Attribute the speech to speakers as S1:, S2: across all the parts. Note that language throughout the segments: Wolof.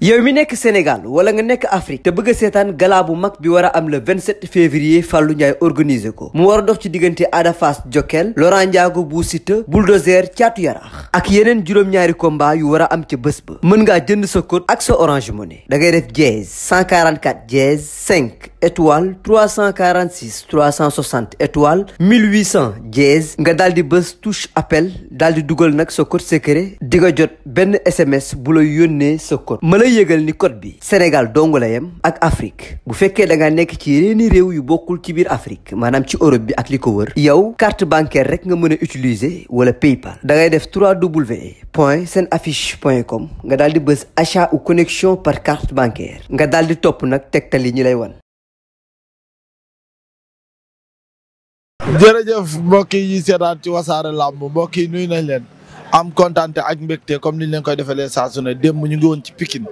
S1: yow mi nekk Sénégal wala nga nekk Afrique te bëgg a seetaan galaa bu mag bi war a am le 27 février Fallou Ndiaye organisé ko mu war a dox ci diggante Ada Fass Jokkel Laurent Ndiago Bou Siteu Bulldozer Thiatou ak yeneen juróom-ñaari combat yu war a am ca bés ba mën ngaa jënd sa code ak sa Orange Money da ngay def dièse 144 dièse 5 étoile 346 360 étoile 1800 dièse nga daal di bës touche appel daal di dugal nag sa code secret di nga jot benn SMS bu la yónnee sa code lay yëgal ni code bi Sénégal dong ak Afrique bu fekkee da nga nekk ci yeneeni réew yu bokkul ci biir Afrique maanaam ci Europe bi ak li ko wër yow carte bancaire rek nga mën a utiliser wala Paypal da ngay def 3W point seen affiche point com nga daal di bës achat ou connexion par carte bancaire nga dal di topp nag tegtal yi ñu lay wan.
S2: am kontante ak mbégte comme niñ leen koy defee saa su ne ñu ngi woon ci Pikine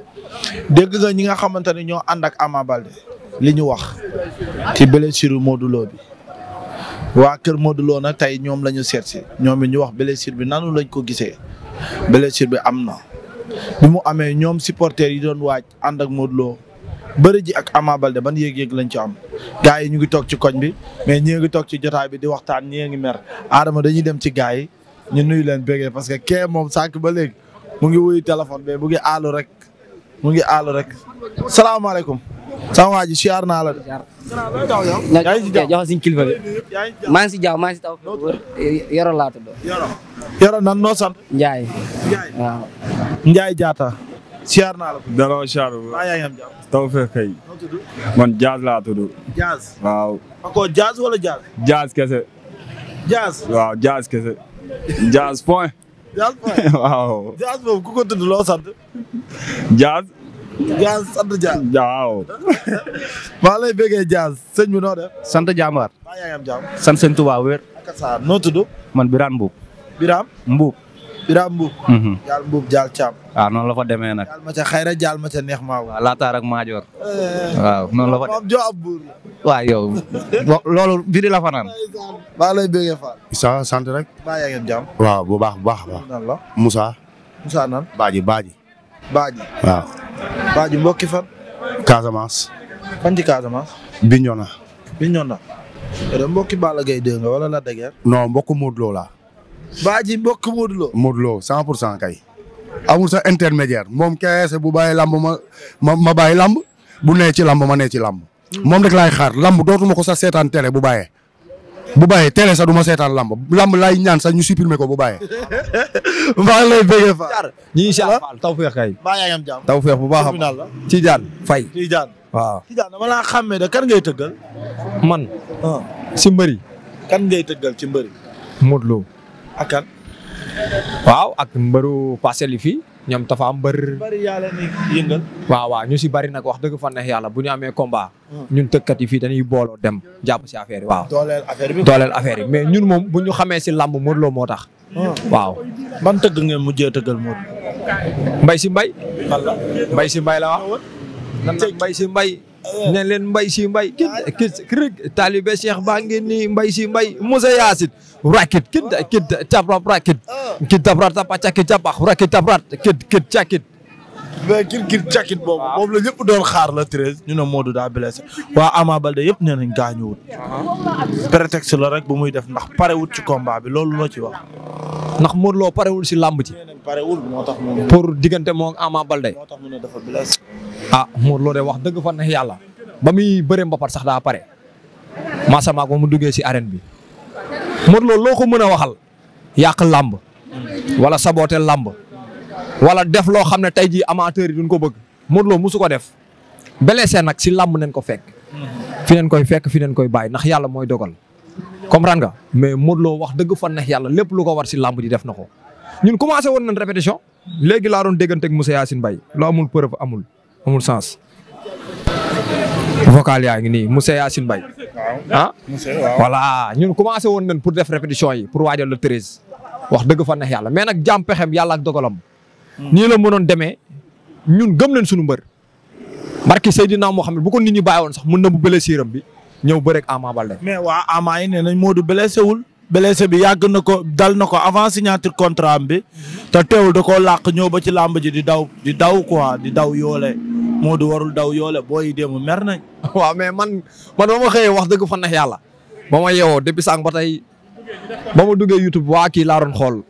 S2: dégg nga ñi nga xamante ne ñoo ànd ak Ama Baldé li ñu wax ci blessure Modou bi waa kër Modou Lo nag tey ñoom lañu ñu seet si ñoom it ñu wax blessure bi nanu lañ ko gisee blessure bi am na bi mu amee ñoom supporters yi doon waaj ànd ak Modou Lo bëri ji ak Ama Baldé ban yéeg-yéeg lañ ci am gars yi ñu ngi toog ci koñ bi mais ñii ngi toog ci jotaay bi di waxtaan ñii ngi mer Adama dañuy dem ci gars yi ñu nuyu leen bëggee parce que kee moom sànq ba léegi mu ngi wuyu téléphone be mu ngi rek mu ngi aalu rek salaamaaleykum. sama ji siyaar naa la de. yaa ngi si jaww maa ngi si jaww maa ngi kese. Diaz. waaw Diaz kese. Diaz point. Diaz point waaw. Diaz boobu ku ko tudd loo sant. Diaz. Diaz sant Diaz. waaw. maa lay bëggee Diaz sëñ bi noo def. sant jàmbaar. maa yaa ngi man Birame Mbuub.
S3: Birame Mbuub. Birame Mbuub. Mhm.
S2: jaal Mbuub jaal Thiam.
S3: Ah, noonu la fa demee nag. jaal
S2: ma ca xayra jaal ma ca neex maa waaw
S3: ah, laataar ak maajoor.
S2: Eh.
S3: waaw noonu la fa
S2: moom
S3: waaw yow loolu biri la fa naan. maa lay sant rek. maa yaa ngeen waaw
S4: bu baax bu baax a baax. Moussa. Moussa nan. Baaji Baaji. Baaji. waaw.
S2: Baaji mbokki fan. Casamance. fan ci Casamance. Bignona. Bignona. mbokki Balla Gaye dégg wala la dëgër. non mbokku Modou Lo baa ji
S4: bokk Modou Lo. Modou Lo 100 pour cent kay. amul sa intermédiaire moom keese bu bàyyi lamb ma ma ma bàyyi lamb bu nee ci lamb ma nee ci lamb. moom rek laay xaar lamb dootuma ko sax seetaan tere bu bàyyee. bu bàyyee télé sax du ma seetaan lamb lamb laay ñaan sax ñu supprimer ko bu bàyyee. maa ngi lay bëggee fa. ñu si àll tawfeex kay. maa
S5: yaa ngi am bu baax a baax.
S6: ci jaan fay. ci jaan waaw. ci jaan
S2: dama laa xàmmee de kan gay tëggal. man. Ah. si mbëri. kan ngay tëggal ci mbëri. Modou ak kan.
S6: waaw ak mbëru parcelles yi fi ñoom dafa am mbër.
S2: bari yàlla ni
S6: yëngal. waaw waaw ñu si bari nag wax dëgg fa neex yàlla bu ñu amee combat. Hmm. ñun tëkkat yi fii dañuy booloo dem jàpp si affaire yi waaw. dooleel affaire bi dooleel mais ñun moom bu ñu xamee si làmb Modou Lo moo tax. Hmm. waaw. ban tëgg ngeen mujjee tëggal Modou. mbay si mbay. mbay si mbay la wax. nan mbay si mbay. ne leen mbay si mbay kid kid taalibe Cheikh baa ngeen nii mbay si mbay Musa Yaasin rakit kid kid tabrab rakit
S2: kid tabrat tapa cakit tabax rakit tabrat kid kid cakit mais kid kid cakit boobu la ñëpp doon xaar la treize ñu ne Modou daa blessé waa Ama Baldé yëpp nee nañ gaañuwut prétexte la rek bu muy def ndax parewut ci combat bi loolu loo ci wax ndax Modou loo parewul si làmb ci parewul moo tax diggante moo Ama Baldé moo
S1: tax mu ne
S6: a ah, Modou loo de wax dëgg fa neex yàlla ba muy bëree mbapat sax daa pare maasama ko mu duggee si arène bi Modou Lo loo ko mën a waxal yàq làmb wala saboté làmb wala def loo xam ne tey jii amateur yi duñ ko bëgg Modou Lo musu ko def blessé nag si làmb nañ ko fekk. fi neen koy fekk fi neen koy bàyyi nax yàlla mooy dogal comprendre nga mais Modou Lo wax dëgg fa neex yàlla lépp lu ko war si làmb ji def na ko ñun commencé woon nañ répétition léegi laa doon déggante ak Moussa amul. amul sens. vocal yaa ngi nii monsieur Yacine Mbaye.
S2: ah, ah voilà
S6: ñun commencé woon nañ pour def répétition yi pour waajal le treize. wax dëgg fa neex yàlla mais nag jàmm pexem yàlla ak dogalam. Hmm. nii la mënoon demee ñun gëm nañ suñu
S2: mbër. barki Seydina Mohamed bu ko nit ñi bàyyi woon sax mën na bu blessure am bi ñëw bëreeg Ama Baldé. mais waa Ama yi nee nañ Modou blessé wul. bi yàgg na ko dal na ko avant signature contrat bi. Hmm. te teewul da koo làq ñëw ba ci làmb Modou warul daw yoole booy démb mer nañ. waaw mais man man ba ma xëyee wax dëgg fa
S6: na yàlla ba ma yeewoo depuis sànq ba ma duggee YouTube waa kii laa xool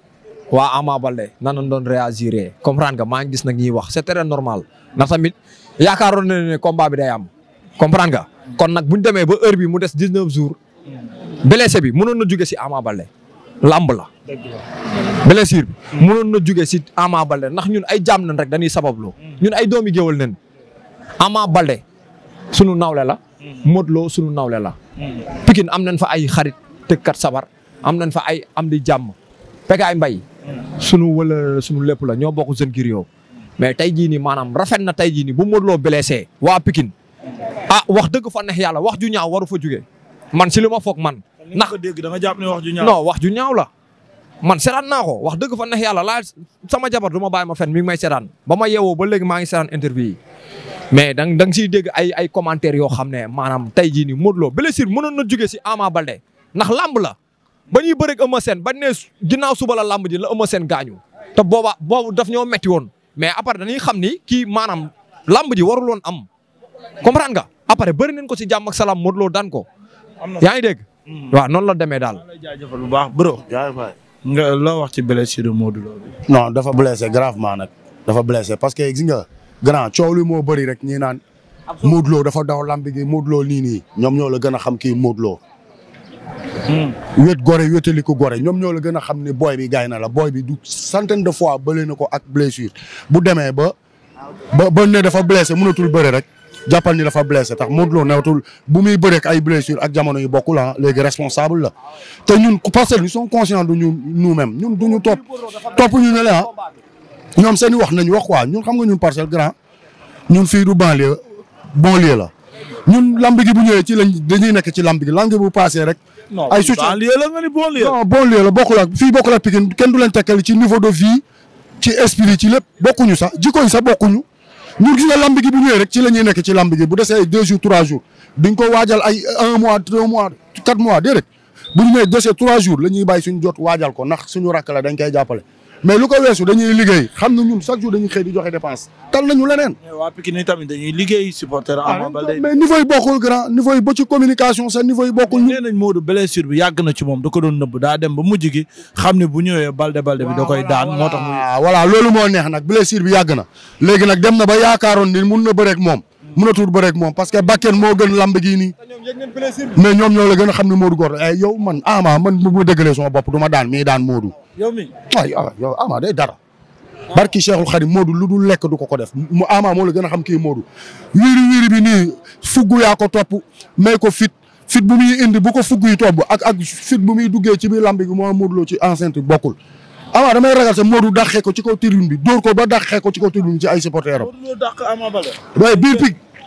S6: waa Ama na nan doon réagir comprendre nga maa ngi gis nag ñuy wax c'est très normal ndax tamit yaakaaroon na ne combat bi day am comprendre nga. kon nag bu ñu demee ba heure bi mu des dix neuf jours blessé bi mënoon na juge si Ama Balde lamb la. mu bi na jóge si amaabale Balde ndax ñun ay jaam nan rek dañuy sabablu ñun ay doomi Ama Balde sunu nawle la. Modou Lo sunu la. Pikine am nañ fa ay xarit teg kat sabar am nañ fa ay am di jàmm Pekaay Mbaye sunu wala sunu lépp la ñoo bokk seen kii yow mais tey jii nii maanaam rafet na tey jii nii bu Modou loo blessé waa Pikine ah wax dëgg fa neex yàlla wax ju ñaaw waru fa jugee man si li foog man. ndax dégg da nga wax ju ñaaw non wax ju ñaaw la. man seetaan naa ko wax dëgg fa neex yàlla laa sama jabar du ma bàyyi ma fen mi may seetaan ba ma yeewoo ba léegi maa ngi seetaan interview mais da nga da nga siy dégg ay ay commentaires yoo xam ne maanaam tey jii nii Modou Lo blessure mënoon na jóge si Ama Baldé ndax làmb la ba ñuy bëreeg Eumeu Sène ba ne ginnaaw suba la làmb ji la Eumeu Sène gaañu te booba boobu daf ñoo metti woon mais après dañuy xam ni kii maanaam lamb ji warul loon am comprendre nga après bëri nañ ko si jàmm ak salaam Modou Lo daan ko.
S7: yaa ngi dégg. Hmm. waaw
S2: noonu la demee daal. jaajëfal bu baax bro. nga loo wax ci blessure Modou Lo. non dafa blessé gravement nag. dafa blessé parce que gis nga. grand coow
S4: moo bari rek ñi naan. Modou Lo dafa daw lamb gi Modou Lo nii nii ñoom ñoo la gën a xam kii Modou Lo. Hmm. wét gore wétali gore ñoom ñoo la gën a xam ne booy bi gaay na la booy bi dug centaine de fois bële na ko ak blessure bu demee ba. ba ba ne dafa blessé mënatul bëre rek jàppal ni dafa blessé tax Modou Lo newatul bu muy bëreek ay blessure ak jamono yu bokkul ah léegi responsable la te ñun parce que nous sommes conscients de ñun nous ñun du ñu topp topp ñu ñoom seen wax nañ wax quoi ñun xam nga ñun parcelle grand ñun fii du banlieue banlieue la ñun lamb gi bu ñëwee ci lañ dañuy nekk ci lamb gi lamb gi bu paasee rek.
S2: ay soutien banlieue
S4: la nga ni la bokkul ak fii bokkul ak kenn du leen tekkal ci niveau de ci esprit ci lépp sax jikko yi sax bokkuñu. ñun gis nga lamb gi bu ñëwee rek ci la ñuy nekk ci lamb bu desee ay deux jours trois jours duñ ko waajal ay un mois deux mois quatre mois déedéet bu ñu nee desee trois jours la ñuy bàyyi suñu jot waajal ko ndax suñu rakk la dañ koy jàppale. mais lu ko weesu dañuy liggéey xam na ñun chaque jour dañuy xëy di joxe dépense tal nañu leneen.
S2: mais waa liggéey supporter Ama Baldé mais niveau yi bokkul grand niveau yi ci communication sax niveau yi bokkul. nee nañ Modou blessure bi yàgg na ci moom da ko doon nëb daa dem ba mujj gi xam ne bu ñëwee Baldé Baldé bi da koy daan moo tax. voilà loolu moo neex nag blessure bi yàgg na léegi nag dem na ba yaakaaroon
S4: ni mun na bëreek moom mënatul bëre ak moom parce que Bakken moo gën lamb gii nii. mais ñoom ñoo la gën a xam ne Modou góor la eh, yow man Ama man bu ma dëggalee bopp du ma daan mii daan Modou. yow mi waaw ah, yow Ama day dara. barki Cheikhul Khadim Modou lu dul lekk du ko ko def mu Ama moo la gën a xam kii Modou. wiiri wiiri bi nii fugg yaa ko topp may ko fit fit bu muy indi bu ko fugg yi topp ak ak fit bu muy duggee ci biir lamb gi moo Modou Lo ci enceinte bokkul. Ama damay ragal sa Modou dàqee ko ci kaw tribune bi dóor ko ba dàqee ko ci kaw tribune bi ci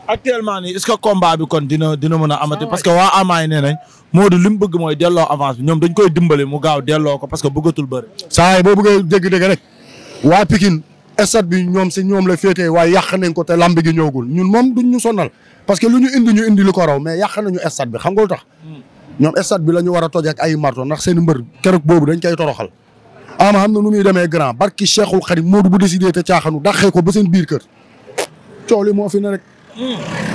S2: actuellement ni est que combat bi kon dina dina mën a amati ah, parce que waa Ama yi nee nañ Modou li mu bëgg mooy delloo avance bi ñoom dañ koy dimbali mu gaaw delloo ko parce que bëggatul bëri. saa
S4: yi boo bëggee dégg-dégg rek waa Pikine stade bi ñoom si ñoom la féetee waaye yàq nañ ko te lamb gi ñëwagul ñun moom duñ ñu sonal parce que lu ñu indi ñu indi lu ko raw mais yàq nañu stade bi xam nga lu tax. Hmm. ñoom stade bi la ñu war a toj ak ay marto ndax seen mbër keroog boobu dañ koy toroxal. ama xam na nu muy demee grand barki Cheikhul Khadim Modou bu décidé te caaxanu dàqee ko ba seen biir kër coow li moo fi ne rek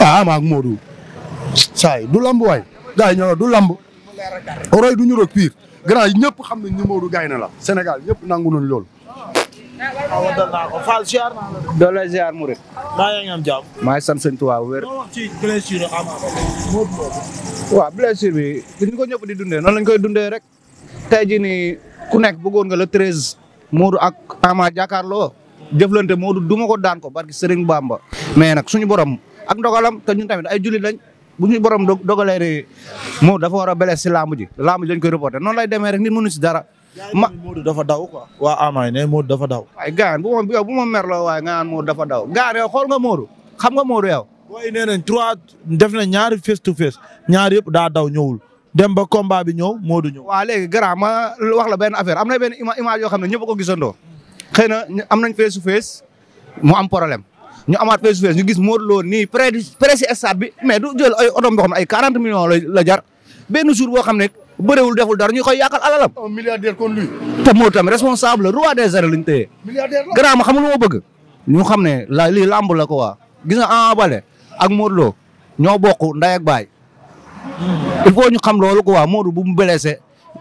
S4: ah maag Modou saay du lamb waay gars yi du lamb roy du ñu rog piir grand yi ñëpp xam nañ ni Modou la Sénégal ñëpp
S3: nangu nañ loolu
S2: waaw wadal naa ko san ziar naa
S3: la. doo waaw blessure bi ni ñu ko ñëpp di dundee noonu lañ koy dundee rek. tey jii nii ku nekk bëggoon nga le treize. Modou ak Ama jàkkaarloo. jëflante Modou du ma ko daan ko barki Serigne Bamba mais nag suñu borom ak ndogalam te ñun tamit ay jullit lañ bu ñu borom dogalee rek Modou dafa war a belees si lamb ji lamb ji lañ koy reporté noonu lay demee rek nit mënu si dara. ma Modou dafa daw quoi
S2: waa Ama ne dafa daw. waaye gaan bu ma bu ma merloo waaye nga naan Modou dafa daw gaan yow xool nga Modou xam nga Modou yow. booy nee nañ trois def na ñaari face to face ñaari yëpp daa daw ñëwul dem ba combat bi ñëw Modou ñëw. waa léegi grand wax la benn affaire am na benn image yoo xam
S3: ne ñëpp ko gisandoo. xëy na am nañ face to face mu am problème ñu amaat face to face ñu gis Modou Lo nii près du près si mais du jël ay oto boo xam ne ay 40 millions la jar benn jour boo xam ne bëriwul deful dara ñu koy yàqal alalam. un milliardaire kon lui. te moo tam responsable roi des arènes lañ téye.
S4: milliardaire la gannaaw ma xam lu
S3: ma bëgg. ñu xam ne la lii làmb la ko waa gis a Ama Baldé ak Modou Lo ñoo bokk nday ak baay. il faut ñu xam loolu ko waa Modou bu mu blessé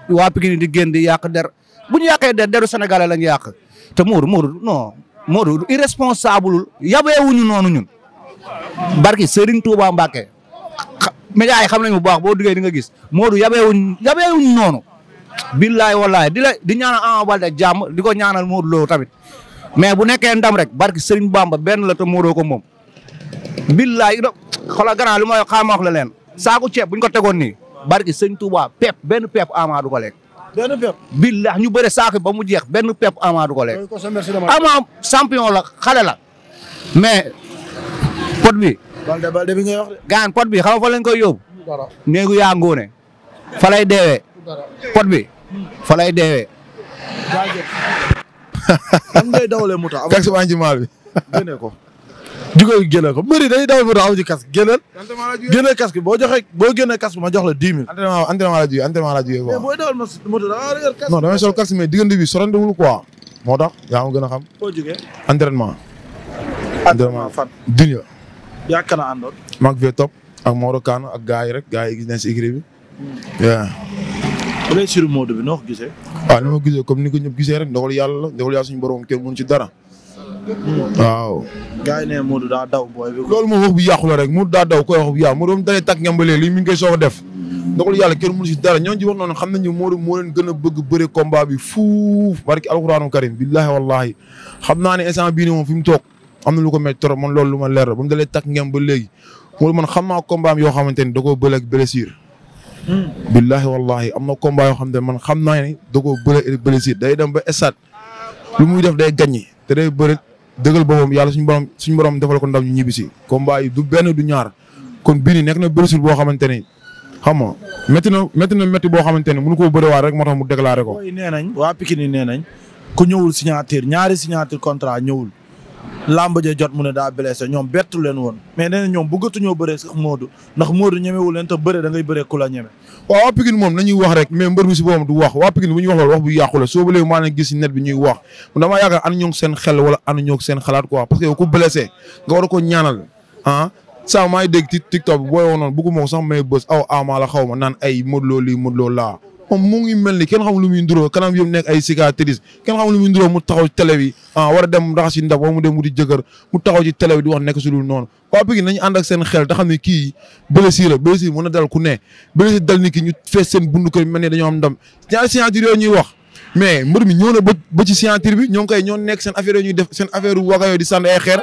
S3: waa Pikine di génn di yàq der bu ñu yàqee der deru Sénégalais la ñu yàq. te Modou Modou non Modou irresponsable ñu noonu ñun barki Serigne Touba Mbacke médias yi xam nañu bu baax boo duggee di nga gis Modou yabeewuñu yabeewuñu noonu. billaay wallaay di la di ñaanal Ama jàmm di ko ñaanal Modou Lo tamit mais bu nekkee ndam rek barki Serigne Bamba benn la te Modou ko moom. billaay xoolal gannaaw li ma wax la leen saako ceeb buñ ko tegoon nii barki Serigne Touba pepp benn pepp Ama du ko lekk. benn pepp. billaah ñu bëre saako ba mu jeex benn pepp Ama du ko lekk. la xale la. pot bi. gaan pot bi xam fa lañ koy yóbbu. dara néegu yaa ngóone.
S2: fa lay deewee. pot bi fa lay deewee. jaajëf. lan ngay dawalee bi jugal génne ko mbëri day daw moto aw ci casque génneel. génne casque boo joxe boo génne casque ma jox la dix mille.
S5: entraînement entraînement la jugee entraînement la jugee quoi.
S2: mais booy dawal sol
S5: casque mais diggante bi sorantewul quoi. moo tax yaa ma gën a xam. foo jugee. entraînement. entraînement fan. dunya.
S2: yaa kan a àndoon.
S5: mag fee topp ak Maodo Kane ak gars yi rek gars yi gis nañ si écrit bi. waaw. blessure ah, ni ma gisee comme ni rek ndogal yàlla la ndogal yàlla suñu borom kenn mënu ci dara waaw. gars yi ne Modou daa daw booy bi. loolu moom wax bu yàqu la rek Modou daa daw koy wax bu yàqu Modou moom dalee tàkk ngeen ba léegi lii mi ngi koy soog a def. ndoxul yàlla kenn mënu si dara ñooñu ci wax noonu xam nañu Modou moo leen gën a bëgg bëre combat bi fuuf barki alxuraanu karim billahi wallahi xam naa ne instant bii nii moom fi mu toog am na lu ko métti trop man loolu lu ma leer la ba mu dalee tàkk ngeen ba léegi Modou man xam naa combat am yoo xamante ni da koo bële ak blessure billahi wallahi am na combat yoo xam ne man xam naa ne da koo bële blessure day dem ba stade lu muy def day gagné te day bëre dëggal boppam yàlla suñu borom suñu borom defal ko ndam ñu ñibbisi combat yi du benn du ñaar kon bii nii nekk na blessure boo xamante ni xam nga métti na métti na métti boo xamante ni mënu ko bëriwaat rek moo mu déclaré ko.
S2: nee nañ waa Pikine nee nañ ku ñëwul signature ñaari signature contrat ñëwul. làmb ja jot mu ne daa blessé ñoom bettu leen woon mais nee na ñoom bëggatuñoo bëree sax Modou ndax Modou ñemewu leen te bëre da ngay bëree ku la ñeme
S5: waaw waa Pikine moom nañuy wax rek mais mbër mi si du wax waa Pikine bu ñuy wax loolu wax bu yàqu la soo ba léegi net bi ñuy wax mu damaa yaakaar anu ñoo seen xel wala anu ñoo seen xalaat quoi parce que yow ku blessé nga war a ko ñaanal ah saa maa ngi dégg ci TikTok bi booy woon noonu bëgguma ko sax may bës aw ama xaw ma naan ay Lo lii Modou Lo laa moom mu ngi mel ni kenn xam lu muy nduróo kanam yëpp nekk ay cicatrices kenn mu taxaw ci ah war a dem raxas ci ndab wala mu dem wuti jëkkër mu taxaw ci télé bi di wax nekk su dul noonu waa Pikine nañu ànd ak seen xel te xam kii blessure la blessure na dal ku ne blessure dal ni ki ñu fees seen bundu mel ne dañoo am ndam ñaari yooyu ñuy wax mais mbër waga yooyu di sànni ay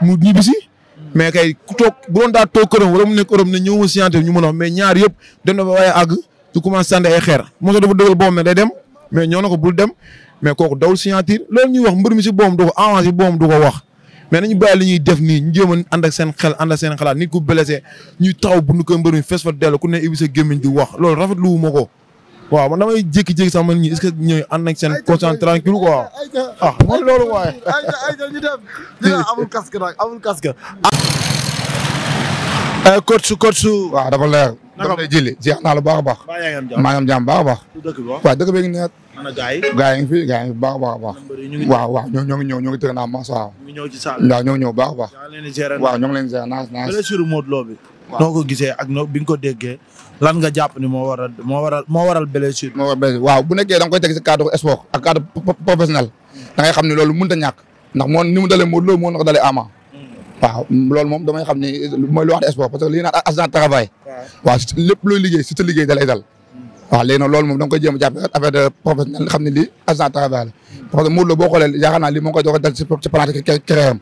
S5: mu ñibbisi mais kay ku daa toog këram wala mu nekk këram ne ñëw ma signature ñu mën a wax mais ba waaye àgg du commencé sànni ay xeer Mozo dafa dëggal boom ne day dem mais ñoo na ko bul dem mais kook dawul signature loolu ñuy wax mbër mi si boom du ko avancé boom du ko wax. mais nañu bàyyi li ñuy def nii ñu jéem a ànd ak seen xel ànd ak seen xalaat nit ku blessé ñuy taxaw bu ñu ko mbër mi fees fa dellu ku ne ibbi sa gémmiñ di wax loolu rafetlu wu ma ko. waaw man damay jékki-jékki sax man ñi est-ce que ñooy ànd ak seen conscience tranquille quoi
S2: ah man loolu waaye. ayca ayca ñu dem dina amul casque nag amul casque. Ah.
S8: Euh, coach coach. waaw naka lay jëli jeex naa la baax a baax. maa ngi am jàmm baax a baax. waaw dëkk bi ngi neex. ngi fi gaay yi ngi fi baax a baax a baax. waaw waaw ñoo ñoo ngi ñëw ñoo ngi tëgg naa mas waaw. waaw ñoo ngi ñëw baax a baax. waaw ñoo ngi leen di gérer naas
S2: noo ko gisee ak no bi nga ko déggee lan nga jàpp ni moo waral moo waral moo waral blessure. moo waral blessure waaw bu nekkee da nga koy teg si cadre sport ak cadre professionnel.
S8: da ngay xam ne loolu mënut a ñàkk ndax moo ni mu dalee Modou Lo moo na ko dalee Ama waaw loolu moom damay xam ne mooy lu wax de sport parce que li ñu naan accident de travail. waaw lépp looy liggéey si sa liggéey da lay dal. waaw léegi nag moom da nga koy a jàpp affaire de professionnel xam ne lii accident de la. parce que Modou Lo boo xoolee yaakaar naa lii moo koy doog a si ci pratique am.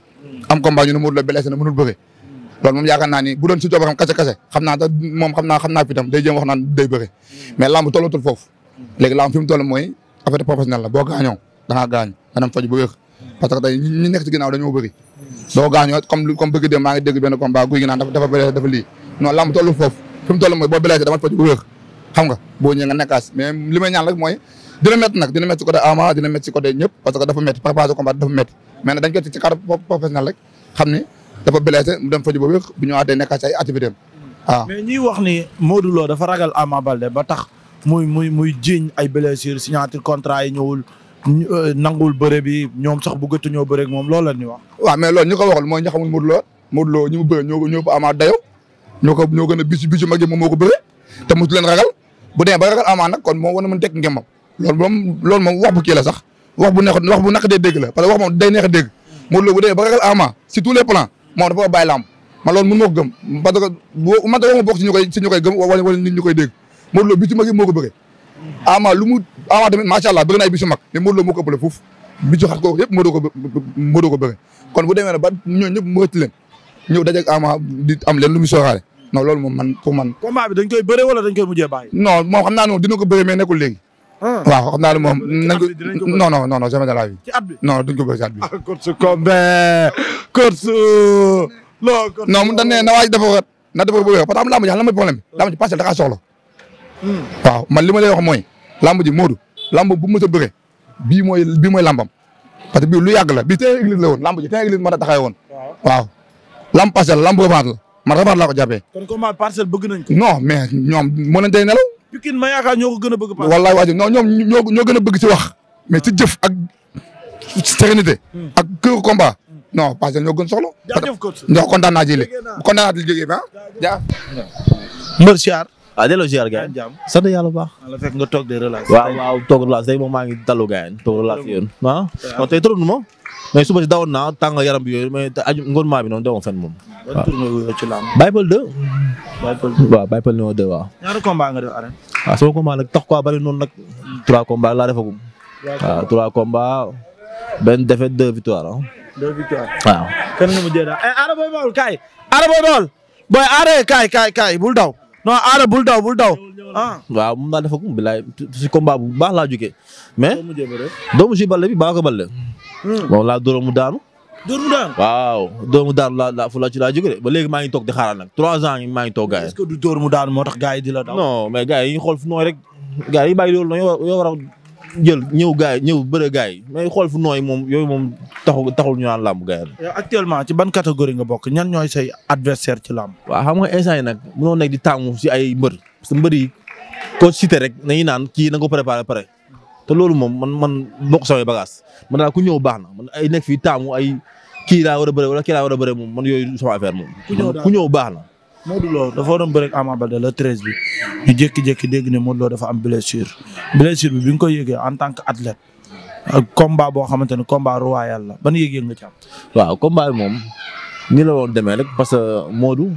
S8: am combat ñu ne Modou Lo blessé na mënul bëre. loolu moom yaakaar naa bu doon si joobaram kase kase xam naa te moom xam naa xam day jéem wax naan day bëre. mais lamb la boo gaañoo da parce que tey ñi nekk ci ginnaaw dañoo bëri doo gaañoo comme comme bëgg dem maa ngi dégg benn combat guy gi naan dafa blessé dafa lii non lamb tollu foofu fi mu toll mooy boo blessé dama faj bu wér xam nga boo ñëwee nga nekkaas mais li may ñaan rek mooy dina métti nag dina métti ci côté Ama dina métti ci côté ñëpp parce que dafa métti préparation combat dafa métti mais nag dañ koy teg ci cadre professionnel rek xam ni dafa blessé
S2: mu dem faju ba wér bu ñëwaatee nekkaas ci ay activité am waaw ah. mais ñuy wax ni Modou Lo dafa ragal Ama Balde ba tax muy muy muy jiñ ay blessure signature contrat yi ñëwul Euh, nangul bëre bi ñoom sax bëggatuñoo bëre ak moom loolu la ñuy wax. waaw mais loolu ñu ko waxal mooy ñi xamul Modou Lo
S8: Modou ñu mu bëre ñoo dayo ñoo ko ñoo gën moom moo ko bëre te mosu leen ragal bu demee ba ragal amaat nag kon moom war na mën teg ngemmam loolu moom loolu moom wax bu kii la sax wax bu neex wax bu naq dee dégg la parce que wax moom day neex a dégg Modou Lo bu demee ba ragal amaat sur tous les moom dafa war a bàyyi lamb man loolu mën moo ko gëm parce que si ñu koy si ñu moo ko bëre ama ah, tamit macha allah bëgg na ay bis yu mag mais Modou Lo moo ko ëppale ko yëpp Modou kon bu demee ne ba ñooñu ñëpp mu rëcc leen ñëw dajeeg ama di am leen lu mu sooxaale non moom man pour man.
S2: combat bi koy bëree wala dañ koy mujjee bàyyi.
S8: non xam naa ne dina ko bëree mais nekkul léegi. Ah. waaw naa ne moom nañ ko non non non non la vie. ci at bi non duñ ko bëri ci ah, ne na waaj dafa wér na dafa wér parce que am lamb ji la mooy problème bi lamb ji hmm. waaw man li ma lay wax mooy lamb ji Modou lamb bu mës a bëre bii mooy bii mooy lambam parce que bii lu yàgg la bii tey église la woon lamb ji tey église mën a taxawee woon. waaw lamb parcelle lamb revanche la man revanche laa ko jàppee.
S2: kon combat bëgg nañ ko. non
S8: mais ñoom mën nañ tey nelaw. Pikine ma yaakaar ñoo ko gën a bëgg. wallaay waajib non ñoom ñoo ñoo gën bëgg ci wax mais ci jëf ak sérénité. ak kër combat. non parcelle ñoo gën soxla.
S7: jaajëf coach ndax kontaan
S2: naa jëlee kontaan naa jëlee waaw ah, delloo ziar gars yi sant yàlla bu baax. la fekk nga toog de relax. waaw waaw toog maa ngi dalu gars yi toog relax yéen. Ah? waaw kon tey suba si dawoon naa tàng yaram bi yooyu aju ngoon maa bi noonu demoon fenn moom. Bible 2. Bible Bible numéro 2 waaw. ñaari combat nga def arène. waaw ah, sama combat nag tax quoi bari noonu nag. trois combats laa defagum. waaw trois combats benn défaite deux victoires deux victoires eh, Boy Baol Boy Baol booy Ada kaay bul daw. non aada bul daw bul daw. ah waaw moom daal dafa ko bilaay si combat bu baax laa jógee. mais doomu si balle bi baa ko balle. moom laa dóor mu daanu. dóor mu daanu waaw dóor mu daanu laa laa fu laa ci laa jógee ba léegi maa ngi toog di xaaraan nag trois ans maa ngi toog gars yi. est-ce que du dóor mu daanu moo tax gars yi di la daw. non mais gars yi ñu xool fu nooy rek gars yi bàyyi loolu noonu yow war a jël ñëw gaay ñëw bëre gaay mais xool fu nooy moom yooyu moom taxul taxul ñu naan làmb gaay la. actuellement ci ban catégorie nga bokk ñan ñooy say adversaire ci làmb. waa xam nga instant yi nag mënoo nekk di taamu si ay mbër parce que mbër yi koo cité rek nañu naan kii na ko préparé pare te loolu moom man man bokk samay bagage man daal ku ñëw baax na man ay nekk fii taamu ay kii war a bëre wala kii laa war a moom man yooyu sama affaire moom. ku ñëw baax na. Modou Lo dafa waroon bëre ak Ama Baldé le treize bi ñu jékki-jékki dégg ne Modou dafa am blessure blessure bi bi nga koy yëgee en tant que athlète ak combat boo xamante ne combat royal la ba yëg-yëg nga ci am. waaw combat bi moom ni la woon demee rek parce que Modou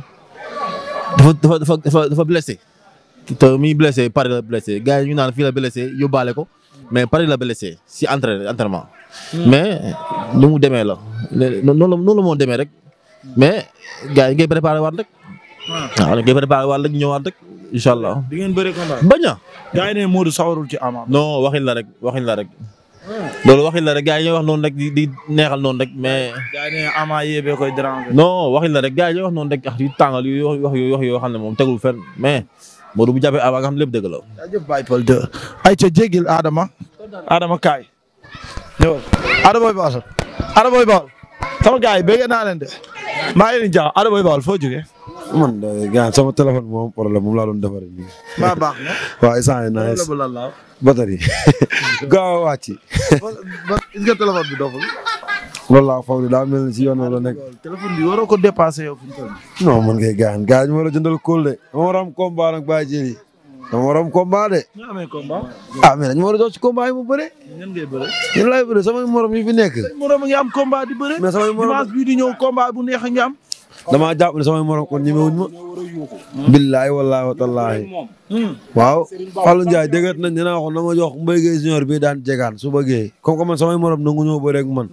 S2: dafa dafa dafa dafa dafa blessé te mi blessé pare la gars yi ñu naan fii la blessé yóbbaale mais pare la si entraînement entraînement. mais nu mu demee la noonu la noonu moo demee rek mais gars yi ngay préparé waat rek. waaw dañ koy préparé wàll ñu ñëwaat rek incha allah. di ngeen bëri combat a. gars yi ne Modou sawarul ci Ama. non waxin la rek waxin la rek. loolu waxin la rek gars yi ñooy wax noonu rek di di neexal noonu rek mais. gars yi ne Ama yéebee koy déranger. non waxin la rek gars yi ñooy wax noonu rek ah ne moom tegul fenn mais Modou bu jàppee Ama nga xam lépp dëgg la. jaajëf Baye Paul de ay ca jéggil Adama. Adama Kaay. Adama Boy Baol Adama Boy Baol sama de maa ngi leen Adama Boy Baol foo jógee
S7: man gars sama téléphone moom problème moom laa doon defaree nii. maa baax na. waaw instant yii naa yees a wàcc. est-ce
S2: que bi doful.
S7: loolu laa foog daa mel ni si yoon la nekk.
S2: téléphone bi waroo ko dépassé yow fi mu toll
S7: non man kay gars yi gars yi ñu war a de. dama war a am combat nag bàyyi jëli. dama war a de. Ah, ñu a jox ci combat yi mu bëre. ñan ngay bëre. ñun laay bëre samay morom yi fi nekk.
S2: morom ngi am combat di bëre. mais samay morom dimanche bii di bu neex a
S7: damaa jàpp ne samay morom kon ñemewuñ ma. billaay wallaahi wa tallaahi. waaw Fallou Ndiaye déggat nañ dinaa waxoon na ma jox Mbaye Gueye junior bi daan jegaan su bëggee comme que man samay morom nangu ñoo bëri ak man.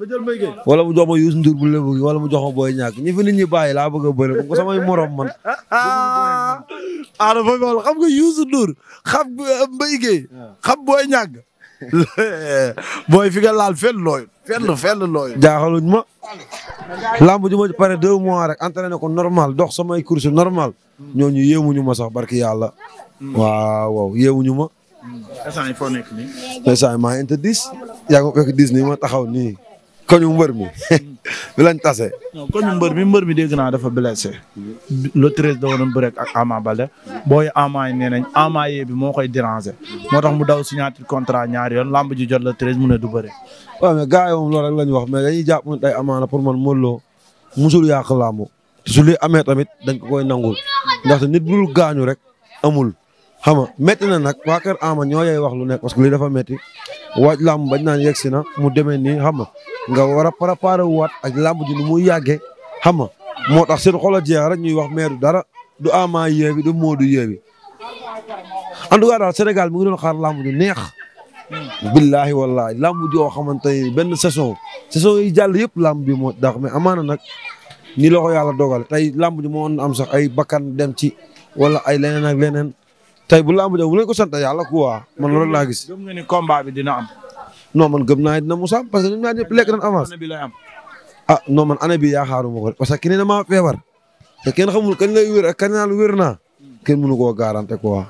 S7: wala mu jox ma Youssou Ndour bu wala mu jox ma Boy Niang ñi fi nit ñi bàyyi laa bëgg a bëri comme que samay morom man. ah dafa xam nga Youssou Ndour xam Mbaye Gueye xam Boy booy fi nga laal fenn looyul
S2: fenn fenn looyul.
S7: jaaxaluñ ma. lamb ji ma pare deux mois rek entraîné ko normal dox samay course normal ñooñu yéemuñu ma sax barki yàlla. waaw waaw yéemuñu ma.
S2: instant yii foo nekk nii.
S7: maa ngi inte yaa ngi fekk dix nii ma
S2: taxaw nii. koñu mbër mi bi lañ tase. non koñu mbër mi mbër mi dégg naa dafa blessé. le treize da woon bëre ak Ama Balde booy Ama yi nee nañ moo koy déranger moo tax mu daw signature contrat ñaari yoon lamb ji jot le a mu ne du bëre. waaw
S7: mais gars yi moom loolu rek la ñu wax mais dañuy jàpp ne tey Ama la pour man Modou Lo musul yàq lamb su li a tamit dañ ko koy nangul ndaxte nit bu dul gaañu rek amul. xam nga métti na nag waa Ama ñoo yay wax lu nekk parce que lii dafa métti waaj lamb bañ naan yegg nga war a préparer waat ak làmb ji nu muy yàggee xam nga moo tax seen xol a rek ñuy wax meer dara du ama yeebi du moodu du en tout cas daal Sénégal mi ngi doon làmb ju neex. billahi wallahi làmb joo xamante benn saison saison yi jàll yëpp làmb bi moo tax mais amaana nag ni la yàlla dogale tey làmb ji moo am sax ay bakkan dem ci wala ay leneen ak leneen tey bu làmb ji bu leen ko sant yàlla quoi man loolu laa gis. gëm
S2: ni combat bi dina am.
S7: non man gëm naa dina Moussa parce que ñun ñaar ñëpp lekk nañ avance. ah non man année bi yaakaaruma ko parce que ki ne damaa feebar. te kenn xamul kañ lay wér ak kañ laa wér naa. kenn mënu koo garanté quoi.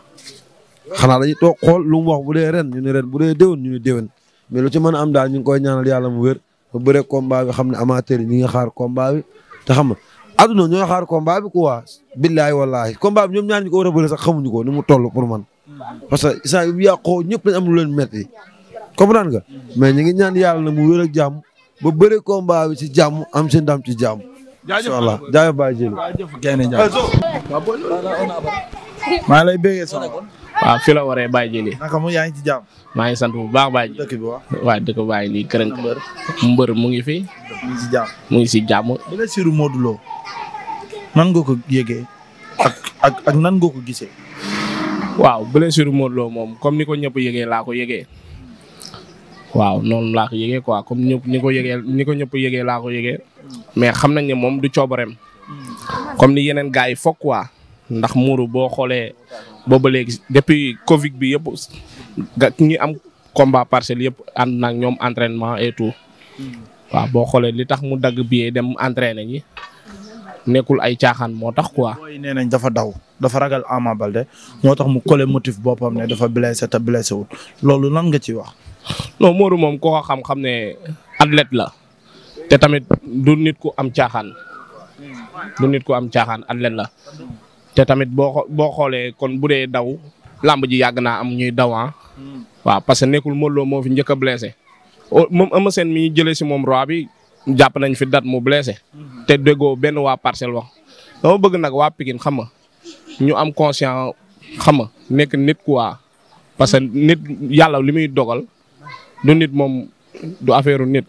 S7: xanaa dañuy toog xool lu mu bu dee ren ñu ne ren bu dee déwén ñu ne déwén mais lu ci mën a am daal ñu ngi koy ñaanal yàlla mu wér ba bëre combat bi xam ne amateur yi ñu ngi xaar combat bi te xam nga ñoo xaar combat bi quoi billahi wallahi combat bi ñoom ñaar ñu ko war a bëre sax xamuñu ko ni mu toll pour man mm. parce que saa yu yàqoo ñëpp dañ lu leen metti comprendre nga mais ñu ngi ñaan yàlla na mu wër ak jàmm ba bëre combat bi ci jàmm am si ndam ci jàmm. jaajëf voilà jaajëf Baye Jëli.
S2: maa lay bégee sax.
S9: waaw fi la waree Baye Jëli. naka mu yaa ngi ci jàmm. maa ngi sant bu baax Baye Jëli. dëkk bi waaw. waaw dëkk Baye lii kërën kër. mbër mu ngi fi. mu ngi si jàmm mu ngi si jàmm. blessure nan nga ko ak nan goko ko waaw blessure Modou moom comme ni ko ñëpp yëgee laa ko yëgee. waaw noonu laa ko yëgee quoi comme ñëpp ñi ko yëgee ñi ko ñëpp yëgee laa ko mais xam nañ ne moom du coobareem comme ni yeneen gars yi foog quoi ndax muuru boo xoolee booba léegi depuis Covid bi yëpp ga ñi am combat parcelle yëpp ànd naag ñoom entrainement et tout waaw boo xoolee li tax mu dagg billet dem entraîné ñi nekkul ay caaxaan moo tax quoi. booy nee nañ dafa daw dafa ragal Ama Baldé
S2: moo tax mu collé motif boppam ne dafa blessé te blessé wut loolu lan nga ci wax.
S9: non Modou moom ko xam-xam ne athlète la te tamit du nit ku am caaxaan du nit ku am caaxaan athlète la te tamit boo boo xoolee kon bu dee daw làmb ji yàgg naa am ñuy dawan ah. waaw parce que nekkul Modou Lo moo fi njëkk a blessé moom Eumeu Sène mi jëlee si moom roi bi jàpp nañ fi date mu blessé te déggoo benn waa parcelle wax dama bëgg nag waa Pikine xam nga ñu am conscient xam nga nekk nit ku waa parce que nit yàlla li muy dogal du nit moom du affaire nit.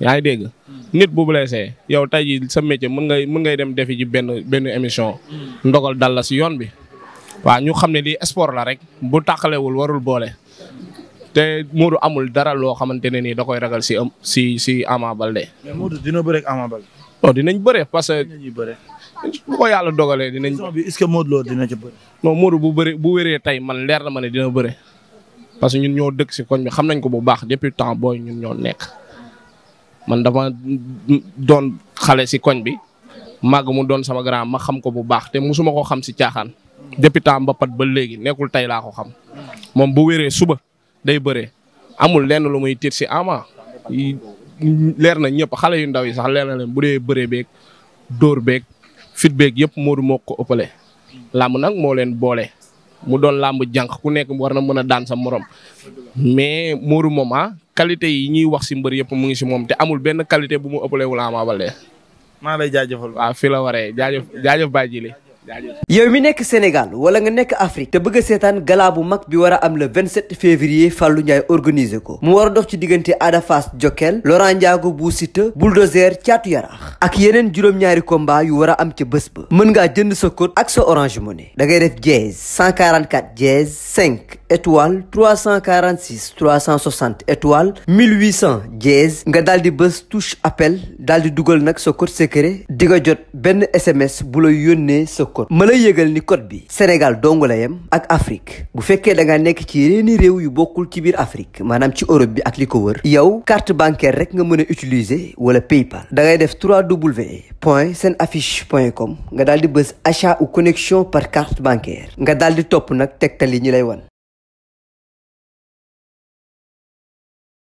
S9: yaa ngi dégg hmm. nit bu blessé yow tey sa métier mën nga mën ngay dem defi ji benn benn émission. Hmm. ndogal dalla si yoon bi. waaw ñu xam ne lii sport la rek bu tàqalewul warul boole. te Modou amul dara loo xamante ne nii da koy ragal si am si si Ama dina bëre ak dinañ bëre parce que. dinañ bëre. bu ko yàlla dogalee dinañ. est-ce dina ci bëre. bu bëri bu wéree tey man leer na ma ne dina bëre. parce que ñun ñoo dëkk si koñ bi xam nañ ko bu baax depuis temps booy ñun ñoo nekk man dama doon xale si koñ bi màgg mu doon sama grand ma xam ko bu baax te musuma ko xam si caaxaan depuis temps ba pat ba léegi nekkul tey laa ko xam moom bu wéree suba day bëree amul lenn lu muy tiit si ama leer na ñëpp xale yu ndaw yi sax leer na leen bu dee bëree beeg dóor beeg fit beeg yëpp Modou moo ko ëppale làmb nag moo leen boole mu doon làmb jànq ku nekk war na mën a daan sa morom mais Modou moom ah qualité yi ñuy wax si mbër yëpp mu ngi si moom te amul benn qualité bu mu ëppalee wula Ama Baldé. maa lay jaajëfal waaw fii la waree jaajëf jaajëf Baye Jili
S1: yow mi nekk Sénégal wala nga nekk Afrique te bëgg a seetaan galaa bu mag bi war a am le 27 février Fallou Ndiaye organisé ko mu war dox ci diggante Ada Fass Jokkel bu Ndiago Bou Siteu Bulldozer Caatu Yaraax ak yeneen juróom-ñaari combat yu war am ca bés ba mën ngaa jënd sa code ak sa Orange Money da ngay def dièse 144 dièse 5 étoile 346 360 étoile 1800 dièse nga daal di bés touche appel daal di dugal nag sa code secret diga jot benn SMS bu la yónnee sa code code ma lay yëgal ni code bi Sénégal dong la yem ak Afrique bu fekkee da nga nekk ci yeneeni réew yu bokkul ci biir Afrique maanaam ci Europe bi ak li ko wër yow carte bancaire rek nga mën a utiliser wala Paypal da ngay def 3w point seen affiche point com nga daal di bës achat ou connexion par carte bancaire nga daal di topp nag tegtal yi ñu lay wan